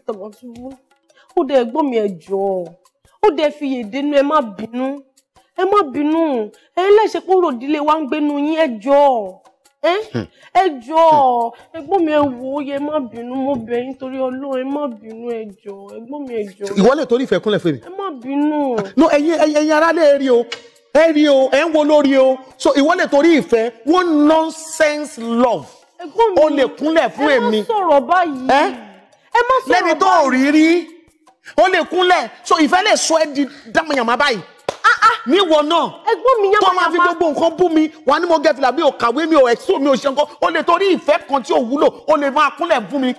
tọmọ túbú ó dẹ ẹ̀gbọ́n mi ẹ ó dẹ fi yèdénú ẹ má bínú ẹ má bínú ẹ lẹsẹ pé ròdílé wa ń gbénu yín ẹ jọ̀ọ́ ẹ mi ẹ yẹ má bínú mo bẹ̀ yín torí Ọlọ́run ẹ má bínú ẹ jọ̀ọ́ mi ẹ jọ̀ọ́. torí ìfẹ́ kúnlẹ̀ fún mi. ẹ má bínú. no ẹ̀yin ẹ̀yin ará lè rí o ẹ rí o ẹ ń wo lórí o so ìwọ torí ìfẹ́ one nonsense love. ẹ̀gbọ́n mi o lè kúnlẹ̀ fún èmi. ẹ má sọ̀rọ̀ báyìí ẹ má sọ̀rọ̀ báyìí lẹ́ni tó rí rí ó lè kúnlẹ̀ so ìfẹ́ lè sọ ẹ́ di dámọ̀yàmá báyìí Ah! níwọ náà tó máa fi gbogbo nǹkan bú mi wà ní mo gẹ fìlà mi o kàwé mi o ẹ̀sùn mi ò ṣe nǹkan o lè torí ìfẹ́ kan tí ò wúlò o lè máa kúnlẹ̀ bú mi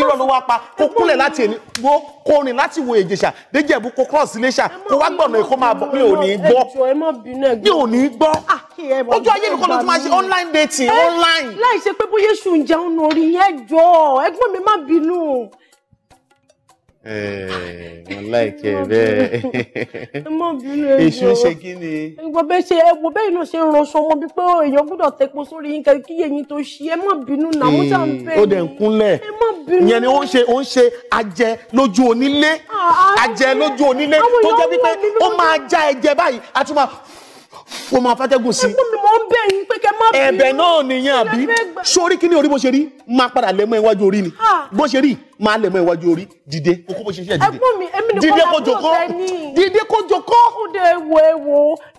irọ́ ló wá pa kó kúnlẹ̀ láti èmi wo kó rìn láti wo èjèṣà déjẹ̀bú kó cross iléṣà kó wá gbọ̀nà èkó máa bọ̀ mi ò ní gbọ́ mi ò ní gbọ́ ah, ojú ayé nìkan ló tún máa ṣe online dating eh, online. láì ṣe pé bóyá èṣù ń jẹun lórí ẹjọ́ ẹ̀gbọ́n mi má bínú wọn láìkẹ bẹ́ẹ̀ èṣù ṣe kí ni. ìwọ bẹ ṣe ẹwọ bẹ́ẹ̀ náà ṣe ń ránṣọ ọmọ bíi pé èèyàn gbọ́dọ̀ tẹpọ sórí yín kẹ kí yẹyin tó ṣí ẹ má bínú náà mo ṣà ń bẹ ó dẹ̀ ń kúnlẹ̀ ìyẹn ni ó ń ṣe ó ń ṣe ajẹ lójú onílé ah, ah. ajẹ lójú onílé tó jẹ́ wípé ó máa já ẹ̀jẹ̀ báyìí a tún máa ó máa fàtẹ́gùn sí. ẹ̀gbọ́n mi mò ń bẹ̀ yín pé kẹ́ má bí. ẹ̀bẹ̀ náà nìyẹn àbí sórí kí ni orí bó ṣe rí máa padà lẹ́mọ́ iwájú orí ni bó ṣe rí máa lẹ́mọ́ iwájú orí dìde kókó bó ṣe ṣe dìde dìde kó jókòó dìde kó jókòó. ó de ewo ewo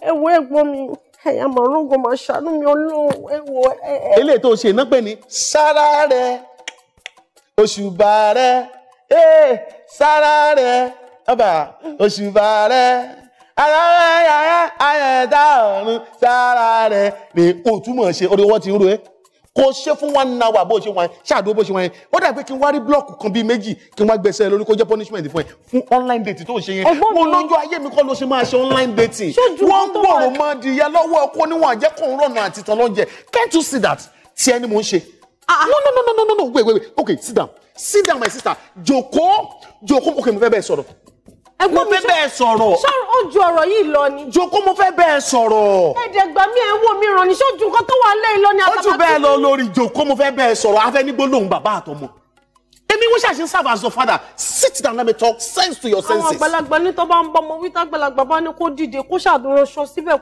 ewo ẹ̀gbọ́n mi ẹyà màrúngò máa ṣàánú mi Ọlọ́run ewo. eléyìí tó ṣe iná pè ní sára rẹ òṣùbà rẹ eh, sára rẹ òṣùbà rẹ ayọ̀yàyà sára rẹ̀ ni o túmọ̀ ṣe orí wọ́n ti ń ro kò ṣe fún one hour bó ṣe wọ̀nyẹn ṣáàdó bó ṣe wọ̀nyẹn ó dà pé kí n wá rí blọọkù kan bíi méjì kí n wá gbèsè lórí kó jẹ́ punishment fún ẹ fún online dating tó ṣe yẹn mo lójú ayé mi kọ́ ló ṣe máa ṣe online dating wọ́n gbòòrò mọ́ di ya lọ́wọ́ ọkọ níwọ̀n àjẹkùn rọ̀nà àti tán lóúnjẹ can't you see that tí ẹni mò ń ṣe no, no, no, no, no, wait, wait, wait. Okay, sit down. Sit down, my sister. Jókòó, jókòó. Okay, mo fẹ́ bẹ́ẹ̀ sọ̀rọ̀ ẹ̀gbọ́n mi fẹ́ sọ̀rọ̀ sọ̀rọ̀ ó ju ọ̀rọ̀ yìí lọ ni. joko mo fẹ́ bẹ́ẹ̀ sọ̀rọ̀. ẹ̀ẹ́dẹ̀gbà mi ẹ̀ ń wò mí ràn ní sójú nǹkan tó wà lẹ́yìn lọ ni àtàkùn. ó jù bẹ́ẹ̀ lọ lórí joko mo fẹ́ bẹ́ẹ̀ sọ̀rọ̀ afẹ́ ní gbólóhùn bàbá àtọmọ. èmi wíṣà ṣe serve as your father sit down let me talk sense to your senses. àwọn àgbàlagbà ní tó bá ń bọ́ mo wí tágbàlagbà bá ní kó dìde kó ṣàdúró sọ síbẹ̀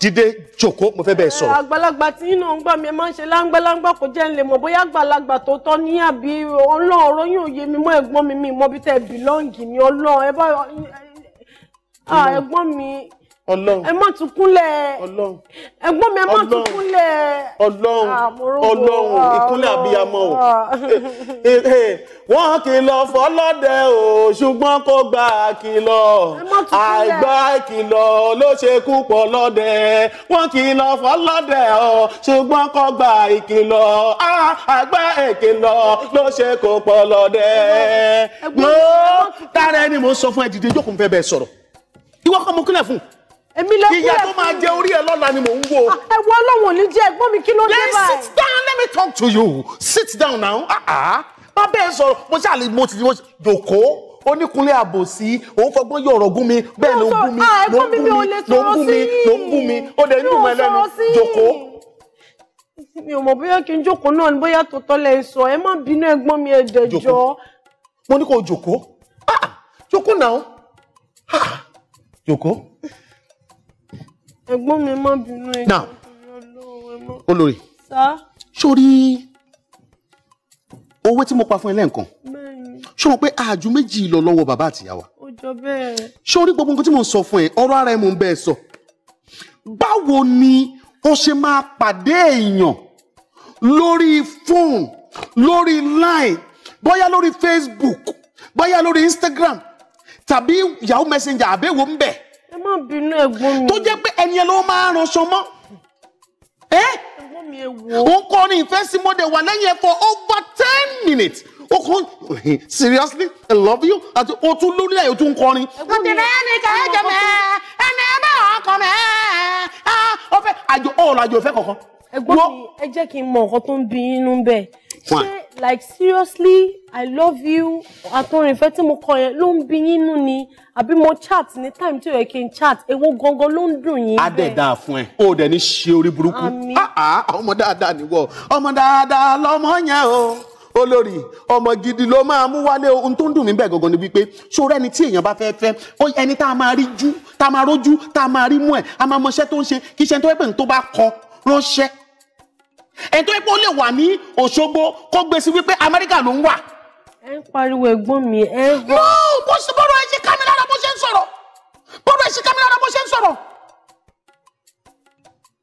dìde jòkó mo fẹ́ bẹ́ẹ̀ sọ̀rọ̀. Eh, àgbàlagbà tí iná ń gbà mí ẹ máa ń ṣe láńgbáláńgbà kò jẹ́ ń lè mọ̀ bóyá àgbàlagbà tó tọ́ ní àbí ọlọ́run ọ̀rọ̀ yóò mi mọ́ ẹ̀gbọ́n mi mi mọ́ bí tẹ́ bìlọ́ǹgì ni ọlọ́run ẹ bá ah, ẹ̀gbọ́n mi Ọlọ́run ẹ má tún kúnlẹ̀ Ọlọ́run ẹ̀gbọ́n mi ẹ má tún kúnlẹ̀ Ọlọ́run ah, Ọlọ́run ah, ìkúnlẹ̀ abiyamọ o eh, eh, eh, wọ́n kìlọ̀ fọlọ́dẹ o ṣùgbọ́n kò gbà kìlọ̀ àìgbà kìlọ̀ ló ṣe kú pọ̀ lọ́dẹ wọ́n kìlọ̀ fọlọ́dẹ o ṣùgbọ́n kò gbà ìkìlọ̀ ah, àgbà ìkìlọ̀ ló ṣe kú pọ̀ lọ́dẹ. gbọ́ọ́ tára ẹni mo sọ fún ẹ dìde jókòó ń fẹ́ bẹ́ẹ̀ sọ̀rọ̀ ìwọ kọ́ mo kílẹ̀ fún un èmi lè kúlẹ̀ fún ìyá tó máa jẹ orí ẹ lọ́la ni mò ń wo. Ah, ẹ̀wọ̀ ọlọ́run ò jẹ́ ẹ̀gbọ́n mi kí ló dé báyìí. then sit down let me talk to you sit down now. Ah, ah. má bẹ́ẹ̀ sọ̀rọ̀ mo ṣàlè mo ti mo jòkó oníkunlé àbòsí òun fọgbọ́n yọ ọ̀rọ̀ gún mi bẹ́ẹ̀ ló ń gún mi ló ń gún mi ló ń gún mi ló ń gún mi ó dẹ̀ ń dùn mọ́ ẹlẹ́nu jòkó. mi ò mọ̀ bóyá kí n jókòó náà ni bóyá tòótọ́ lẹ̀ ń sọ ẹ má bínú ẹ̀gbọ́n mi ẹ̀dẹ̀ jọ. mo ní kó o jòkó jòkó náà jòkó ẹ̀gbọ́n mi má bínú ẹjọ́ náà olórí sórí owó tí mo pa fún ẹ lẹ́ǹkan ṣé o mọ̀ pé àjù méjì lọ lọ́wọ́ bàbá àtìyá wa sórí gbogbo nǹkan tí mo ń sọ fún ẹ ọ̀rọ̀ ara ẹ mo ń bẹ́ẹ̀ sọ báwo ni ó ṣe máa pàdé èèyàn lórí fóònù lórí line bóyá lórí Facebook bóyá lórí Instagram tàbí Yahoo Messenger àbẹ̀wò ń bẹ̀ẹ́ má bínú ẹ̀gbọ́n mi. tó jẹ́ pé ẹni ẹ ló máa ń ranṣọ mọ́. ẹ̀gbọ́n mi ẹ wo. òun kọrin ìfẹ́ sí mo wà lẹ́yìn ẹ for over ten minutes ó kọ́ seriously i love you àti o tún lórí ẹ̀ o tún kọrin. òtítẹ́ ẹni kẹjọ mẹ́ ẹni bá ọkọ mẹ́ ọ fẹ́ àjò ọ̀rọ̀ àjò ìfẹ́ kankan. ẹ̀gbọ́n mi ẹ jẹ́ kí n mọ nǹkan tó ń bí inú bẹ́ẹ̀. ṣé like seriously i love you àtọrin ìfẹ́ tí mo kọ yẹn ló ń bí yín nú ni àbí mo chat ní time tí ó yẹ kí n chat èwo gangan ló ń dùn yín. adẹ́dà fún ẹ o dẹ̀ ní ṣe orí burúkú ah, ah, ọmọ dáadáa nìwọ ọmọ dáadáa lọmọ yẹn o olórí ọmọ gidi ló máa mú wálé ohun tó ń dùn mí bẹ́ẹ̀ gangan ni wípé ṣòro ẹni tí èèyàn bá fẹ́ fẹ́ ẹni tá a máa rí jú tá a máa rójú tá a máa rí mú ẹ̀ a máa mọṣẹ́ tó ń ṣe kí iṣẹ́ tó yẹ pé ní tó bá kọ ránṣẹ́ ẹni tó yẹ pé ó lè wà ní Òṣogbo kó gbé sí wípé Amẹ́ríkà ló ń wà. ẹ ń pariwo ẹ̀gbọ́n mi ẹ ń rọ. no bó ṣe bọ́rọ̀ ẹ ṣe ká mi lára bó ṣe ń sọ̀rọ̀ bọ́rọ̀ ẹ ṣe ká mi lára bó ṣe ń sọ̀rọ̀.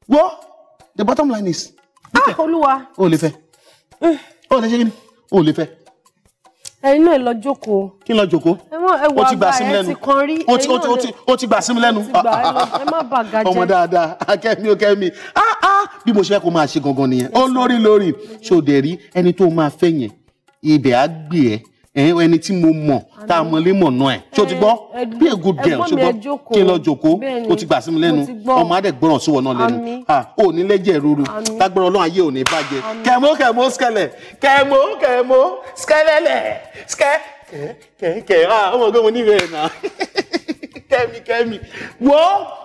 wo the bottom line is. ah olúwa. o lè fẹ́ eh. o lè ṣe kí ni o lè fẹ́ ẹ̀yin náà lọ jókòó. kí n lọ jókòó. o ti gbà sími lẹ́nu o ti gbà sími lẹ́nu. ọmọ dáadáa akẹ́mi ó kẹ́mi. Ah, bí mo ṣe fẹ́ kó máa ṣe gangan nìyẹn ó lórí lórí ṣó dẹ̀ rí ẹni tó máa fẹ́ yẹn ibẹ̀ á gbé ẹ ẹni tí mo mọ̀ tá a mọ̀ lé mọ̀ náà ẹ̀ ṣó ti gbọ́ bí a good girl ṣó gbọ́ kí n lọ jòkó o ti gbà sí mi lẹ́nu ọmọ adẹ̀ gbọ́ràn sí wọn náà lẹ́nu ò ní lẹ́jẹ̀ ruru lágbára ọlọ́run ayé ò ní bàjẹ́ kẹ̀mó kẹ̀mó skẹlẹ̀ kẹ̀mó kẹ̀mó skẹlẹ̀lẹ̀ skẹ kẹ̀kẹ̀ ọmọ ọgọ́ mo nífẹ̀ẹ́ náà kẹ́mi kẹ́mi wo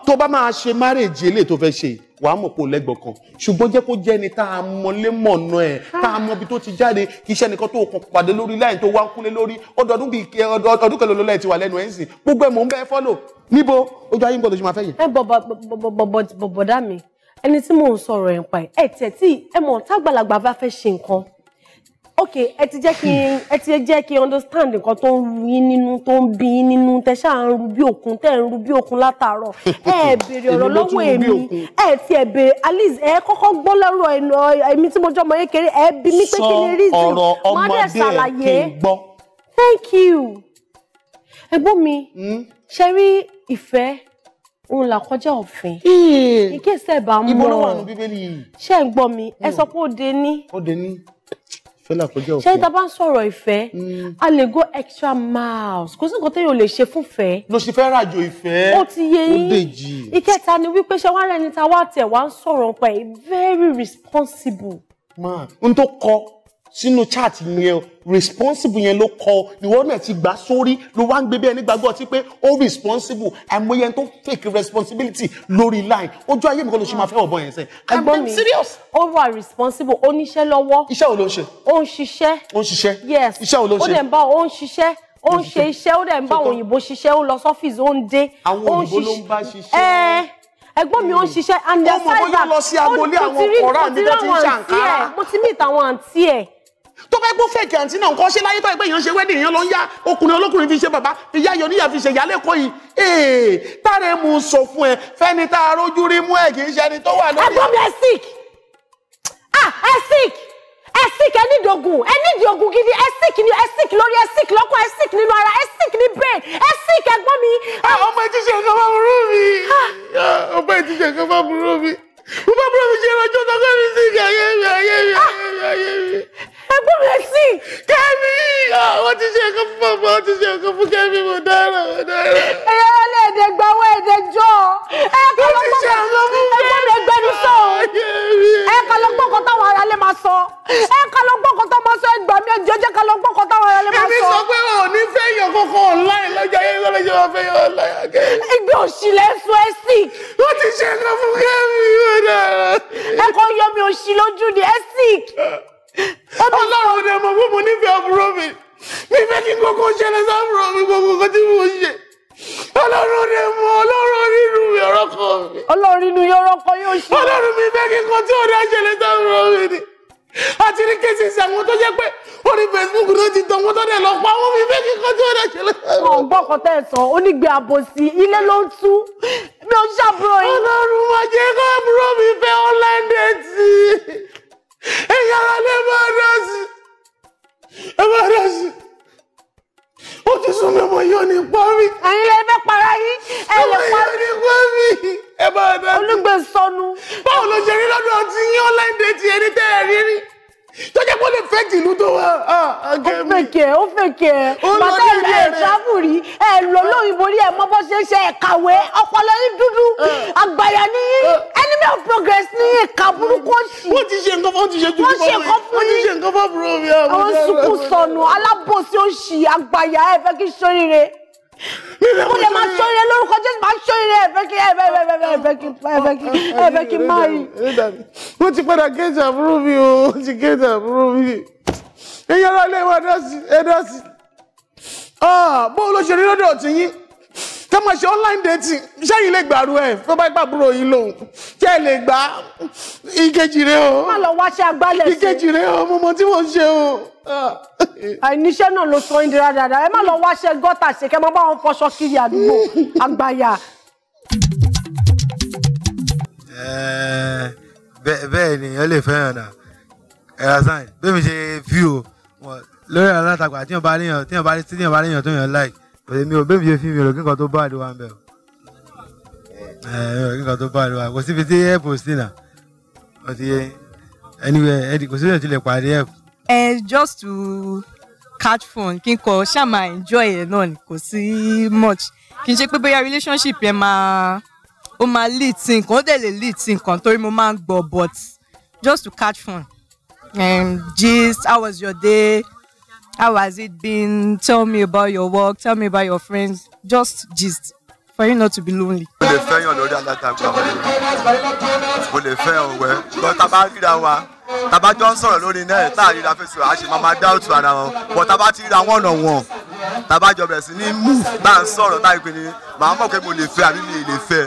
tó bá máa ṣe márèjì eléyìí tó fẹ́ ṣe yìí wàá mọ̀ pé o lẹ́gbọ̀n kan ṣùgbọ́n jẹ́ kó jẹ́ ni tá a mọlé mọ̀nà ẹ̀ tá a mọ ibi tó ti jáde kì í ṣe nìkan tó o kàn pàdé lórí láì tó wá ń kúnlé lórí ọdọọdún bíi ọdún kẹlẹ́ olólè ti wà lẹ́nu ẹ̀ ń sìn gbogbo ẹ̀ mò ń bẹ́ẹ̀ fọ́lò níbo ojú ayé ń gbọdọ̀ ṣe máa fẹ́ yẹn. ẹ bọ̀bọ̀dá mi ẹni tí mò ń sọ̀rọ̀ ẹ̀ ń pa ẹ̀ tẹ̀ tí ẹ mọ̀ tágbàlagbà bá fẹ́ ṣe nǹkan ok ẹ ti jẹ́ kí ẹ ti jẹ́ kí understand nǹkan tó ń ru yín nínú tó ń bí yín nínú tẹ ṣáà ń ru bí òkun tẹ ń ru bí òkun látàárọ̀ ẹ ẹ béèrè ọ̀rọ̀ lọ́wọ́ èmi ẹ ti ẹ béèrè alice ẹ kọ́kọ́ gbọ́ lọ́rọ̀ ẹnu èmi tí mo jọ ọmọ kékeré ẹ bí mi pé kí ni reason má dẹ̀ ṣàlàyé thank you ẹ̀gbọ́n mi hmm? ṣe rí ìfẹ́ òun là kọjá òfin. ìkéṣẹ́ bá mọ̀ ọ́ ìbọn ló wà ń gbọ́ mi ẹ hmm. sọ pé ó de ní. ó de ní fẹ́lá kọjá òfin. ṣé tá a bá ń sọ̀rọ̀ ìfẹ́ hmm. a lè go extra miles kò sí nǹkan téèyàn lè ṣe fúnfẹ́. ló ṣe fẹ́ ràjò ìfẹ́ ó ti yé yín ìkẹta ni wípé ṣé wàá rẹni ta wá tẹ̀ wá ń sọ̀rọ̀ nípa very responsible. máa ń tó kọ sínú chat yẹn responsible yẹn ló kọ ìwọ náà ti gbà sórí ló wá ń gbé bẹ́ẹ̀ nígbàgbọ́ ti pé ó responsible àìmọye ẹni tó fake responsibility lórí line ojú ayé mi kọ́ ló ṣe máa fẹ́ ọ̀bọ yẹn sẹ́. ẹ̀gbọ́n mi ó wà responsible ó níṣẹ́ lọ́wọ́. iṣẹ́ wo ló ń ṣe. ó ń ṣiṣẹ́. ó ń ṣiṣẹ́. yes iṣẹ́ wo ló ń ṣe. ó dẹ̀ ń bá ó ń ṣiṣẹ́ ó ń ṣe iṣẹ́ ó dẹ̀ ń bá àwọn òyìnbó ṣiṣẹ́ ó lọ sọ́fíìsì ó ń dé. àwọn mi ò ń hmm. ṣiṣẹ́ and their size up ó ti rí mo ti rí àwọn àǹtí ẹ̀ mo ti meet àwọn àǹtí ẹ̀ tó bá gbó fèkì àǹtí náà nǹkan ṣe láyé tó ẹgbẹ́ èèyàn ṣe wẹ́dì èèyàn ló ń yá ọkùnrin olókùnrin fi ṣe bàbá fi yá yọ níyà fi ṣe ìyá lẹ́kọ̀ọ́ yìí ee táre mu sọ fún ẹ fẹ́ni tá a rójú rí mú ẹ kì í ṣe ẹni tó wà lórí. ẹ̀gbọ́n ẹ sick ah ẹ sick ẹ sick ẹ nídìí ogun ẹ nídìí ogun gidi ẹ sick ni ẹ sick lórí ẹ sick lọ́kàn ẹ sick nínú ara ẹ sick ní brain ẹ sick ẹ̀gbọ́n mi. Ah, ọmọ ìtúṣe nǹkan bá burú mi ah, ọmọ ìtúṣe nǹkan bá burú mi mo bá burú mi ṣe ẹrọ ọjọ́ tó kọ́ mi sí ìgbà ọjà yẹn ló lè ṣe wọ́n fẹ́ yọ ọláyà kẹ́. ẹgbẹ́ òṣìlẹ̀ sọ ẹ́ sì. wọ́n ti ṣe ẹ̀ka fún kẹ́mi yóò dára. ẹ kọ́ yọ mi òṣì lójú ni ẹ sì. ọlọ́run ni ọmọ fún mi nífẹ̀ẹ́ àbúrò mi mi fẹ́ kí gbogbo ṣẹlẹ̀ sábúrò mi gbogbo kan tí mo ṣe. ọlọ́run ni mo ọlọ́run nínú mi ọ̀rọ̀ kan mi. ọlọ́run nínú yọ̀rọ̀ kan yóò ṣe. ọlọ́run mi fẹ́ kí nǹkan tí ò orí facebook ló ti tán mo tọ́lẹ̀ lọ pa wọ́n mi fẹ́ kí kan tí ó dẹ̀ ṣẹlẹ̀. wọn gbọ́ kan tẹ́ ẹ sọ onígbé àbòsí ilé ló ń tú mi ò ṣàbúrò yín. ọlọ́run máa jẹ́ kó àbúrò mi fẹ́ online date ẹ̀yà alẹ́ máa dá sí ẹ máa dá sí ó ti sún mi mo yọ ní pọ́nmi. ẹ̀yin lè fẹ́ para yín ẹ lè pa mí. ẹ máa yọ ní pọ́nmi ẹ máa dá sí. olùgbé sọnù. báwo ló ṣe rí lọ́dọ̀ ọtí yín online date ẹni tẹ́ ẹ rí rí tọ́jà kó lè fẹ́ẹ̀kì ìlú tó wá. ó fèkè ó fèkè bàtà ẹ travel rí ẹ lọ lóyìnbó rí ẹ mọ bó ṣe ṣe ẹ kàwé ọpọlọ yín dúdú àgbàyà ní enemy of progress ní ìka burúkú sí. wọ́n ti ṣe nǹkan fún ti ṣe jù fún mi wọ́n ti ṣe nǹkan fún mi. àwọn sùkúù sọnù alábòsí òṣì àgbàyà ẹ fẹ́ kí sóríire mo lè máa sọ ire lórúkọ jésù máa sọ ire ẹ̀fẹ́ kí ẹ̀fẹ́ ẹ̀fẹ́ kí ẹ̀fẹ́ kí ẹ̀fẹ́ kí máa yìí. mo ti padà géètì àbúrò mi o mo ti géètì àbúrò mi ẹ̀yin ará ilé wa ẹ̀dá Ah, bó ló ṣe rí lọ́dọ̀ ọ̀tí yín tẹ́ máa ṣe online dating ṣẹ́yìn lè gbàrú ẹ̀ tó bá gbàgbúrò yín lòun tẹ́ lè gbà ìkejì rẹ o. má lọ wáṣẹ agbálẹ̀ sí. ìkejì rẹ o mo mọ tí mò ń ṣe o. àìníṣẹ́ náà ló sọ yín dira dáadáa ẹ má lọ wáṣẹ gọ́tà ṣe kẹ́ mọ́ bá wọn fọṣọ kiri àdúgbò àgbàyà. bẹ́ẹ̀ ni èèyàn lè fẹ́ràn náà ẹ̀rọ sáìn bẹ́ẹ̀ mi ṣe fi o lórí alátakò àti ìyànbá ríyàn tí ìyànbá rí tí ìyànbá ríyàn tó yàn láì pẹ̀lú mi ò bẹ́ẹ̀ mi ṣe fi mi rò kí nǹkan tó bá àdéhùn wa ń Eh, eh, just to catch phone kí n kọ ṣàmà enjoy ẹ náà kò sí much kì í ṣe pé bóyá relationship yẹn máa ó máa lead sí nǹkan ó dẹ̀ lè lead sí nǹkan torí mo máa ń gbọ́ but just to catch phone um, gist how was your day how has it been tell me about your work tell me about your friends just gist for you not to be lonely. mo lè fẹ́ yàn lórí alátagbà mo lè fẹ́ ọ̀wẹ́ lọ tábà ríra wa tábà jọ ń sọ̀rọ̀ lórí náà táàrí ra fèsì àṣì máa máa dá òtù ara wọn bọ̀ tábà ti ríra wọn nà wọn tábà jọ bẹ̀rẹ̀ sí ní mú bá ń sọ̀rọ̀ táì pinni màá mọ̀ pé mo lè fẹ́ àbí mi lè fẹ́.